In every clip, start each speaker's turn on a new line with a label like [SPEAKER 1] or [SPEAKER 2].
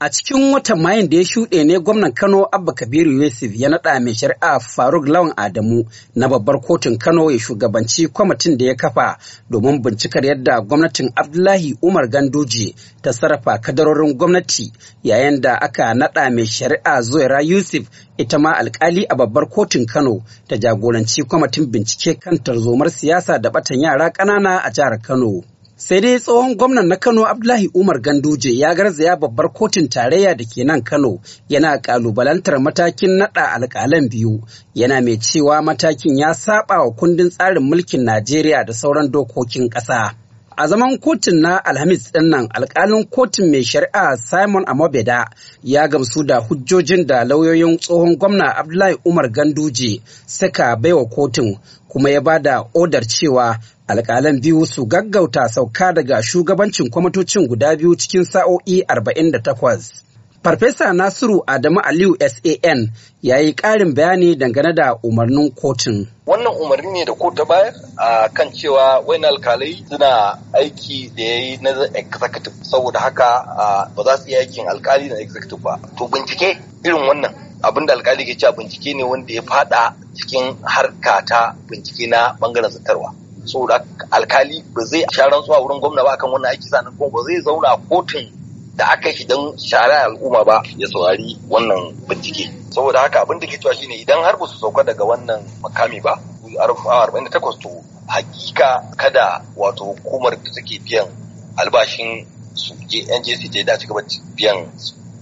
[SPEAKER 1] A cikin watan Mayun da ya shuɗe ne gwamnan Kano Abba Kabiru Yusuf ya naɗa mai shari'a Faruk Lawan Adamu na babbar kotun Kano ya shugabanci kwamitin da ya kafa domin bincikar yadda gwamnatin Abdullahi Umar Gandoji ta sarrafa kadarorin gwamnati yayin da aka naɗa mai shari'a Zuwaira Yusuf ita ma alkali a babbar kotun Kano ta jagoranci kwamitin bincike kan tarzomar siyasa da ɓatan yara ƙanana a jihar Kano. sai dai tsohon gwamnan na kano abdullahi umar ganduje ya garzaya babbar kotun tarayya da ke nan kano yana kalubalantar matakin nada alƙalan biyu yana mai cewa matakin ya saba wa kundin tsarin mulkin najeriya da sauran dokokin ƙasa. A zaman kotun na Alhamis ɗin nan alkalin kotun mai shari'a Simon Amobeda ya gamsu da hujjojin da lauyoyin tsohon gwamna Abdullahi Umar Ganduje suka baiwa kotun kuma ya bada odar cewa alkalan biyu su gaggauta sauka daga shugabancin kwamitocin guda biyu cikin sa'o'i 48. Farfesa Nasiru Adamu Aliyu SAN ya yi ƙarin bayani dangane da umarnin kotun.
[SPEAKER 2] Wannan umarni ne da kotu ta bayar a kan cewa wayan alkalai suna aiki da ya yi na executive saboda haka ba za su yi aikin alkali na executive ba. To bincike irin wannan abin da alkali ke cewa bincike ne wanda ya fada cikin harka ta bincike na bangaren zartarwa. saboda alkali ba zai sha rantsuwa wurin gwamna ba akan wannan aiki sanin kuma ba zai zauna kotun da aka shi don shara al'umma ba ya saurari wannan bincike saboda haka abin da ke cewa shine idan har ba su sauka daga wannan makami ba 48 to hakika kada wato hukumar da take biyan albashin su je NJC ta yi da gaba biyan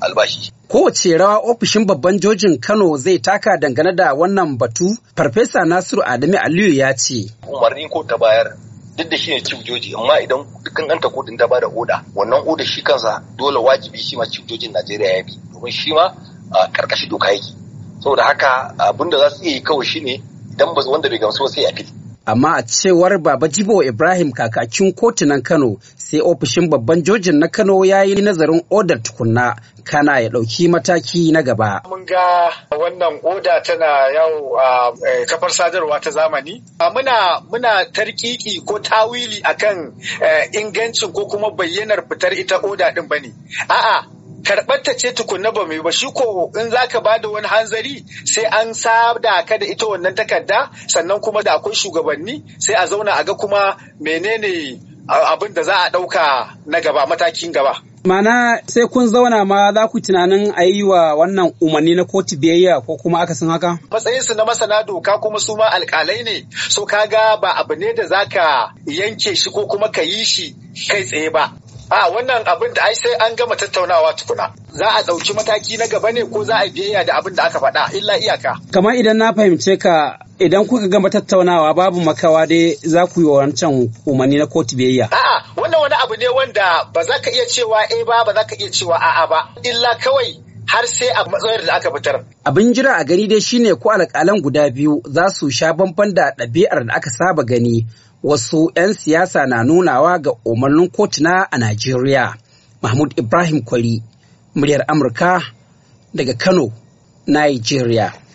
[SPEAKER 2] albashi.
[SPEAKER 1] Kowace rawa ofishin babban jojin Kano zai taka dangane da wannan batu, Farfesa Nasiru Adamu Aliyu ya ce.
[SPEAKER 2] Umarni ko ta bayar duk da shi ne chief joji amma idan dukkan ganta din ta bada oda wannan oda shi kansa dole wajibi shi ma chief jojin Najeriya ya bi domin shi ma karkashin doka yake saboda haka abinda za su iya yi kawai shi shine idan ba wanda bai gamsu ba sai a fili
[SPEAKER 1] amma a cewar baba jibo ibrahim kakakin kotunan kano sai ofishin babban jojin na kano ya yi nazarin odar tukunna kana ya ɗauki mataki na gaba
[SPEAKER 3] mun ga wannan oda tana yau, a kafar sadarwa ta zamani muna muna tarkiki ko tawili akan eh, ingancin ko kuma bayyanar fitar ita oda din bane a'a karɓar ta ce tukunna ba mai ba shi ko in zaka bada wani hanzari sai an sada ka da ita wannan takarda sannan kuma da akwai shugabanni sai a zauna a ga kuma menene abin da za a ɗauka na gaba matakin gaba.
[SPEAKER 1] Mana sai kun zauna ma za ku tunanin a yi wa wannan umarni na kotu biyayya ko kuma aka sun haka?
[SPEAKER 3] Matsayinsu na masana doka kuma su ma alkalai ne, so kaga ba abu ne da za ka yanke shi ko kuma ka yi shi kai tsaye ba. A wannan abin da ai sai an gama tattaunawa tukuna. Za a ɗauki mataki na gaba ne ko za a biyayya da abin da aka faɗa illa iyaka.
[SPEAKER 1] Kamar idan na fahimce ka idan kuka gama tattaunawa babu makawa dai za ku yi wancan umarni na kotu biyayya.
[SPEAKER 3] A'a wannan wani abu ne wanda ba za ka iya cewa eh ba ba za ka iya cewa a'a ba illa kawai har sai a matsayar da aka fitar.
[SPEAKER 1] Abin jira a gani dai shine ko alƙalan guda biyu za su sha bamban da ɗabi'ar da aka saba gani wasu 'yan siyasa na nunawa ga umarnin kotuna a Najeriya. Mahmud Ibrahim Kwari, muryar Amurka daga Kano, Nigeria.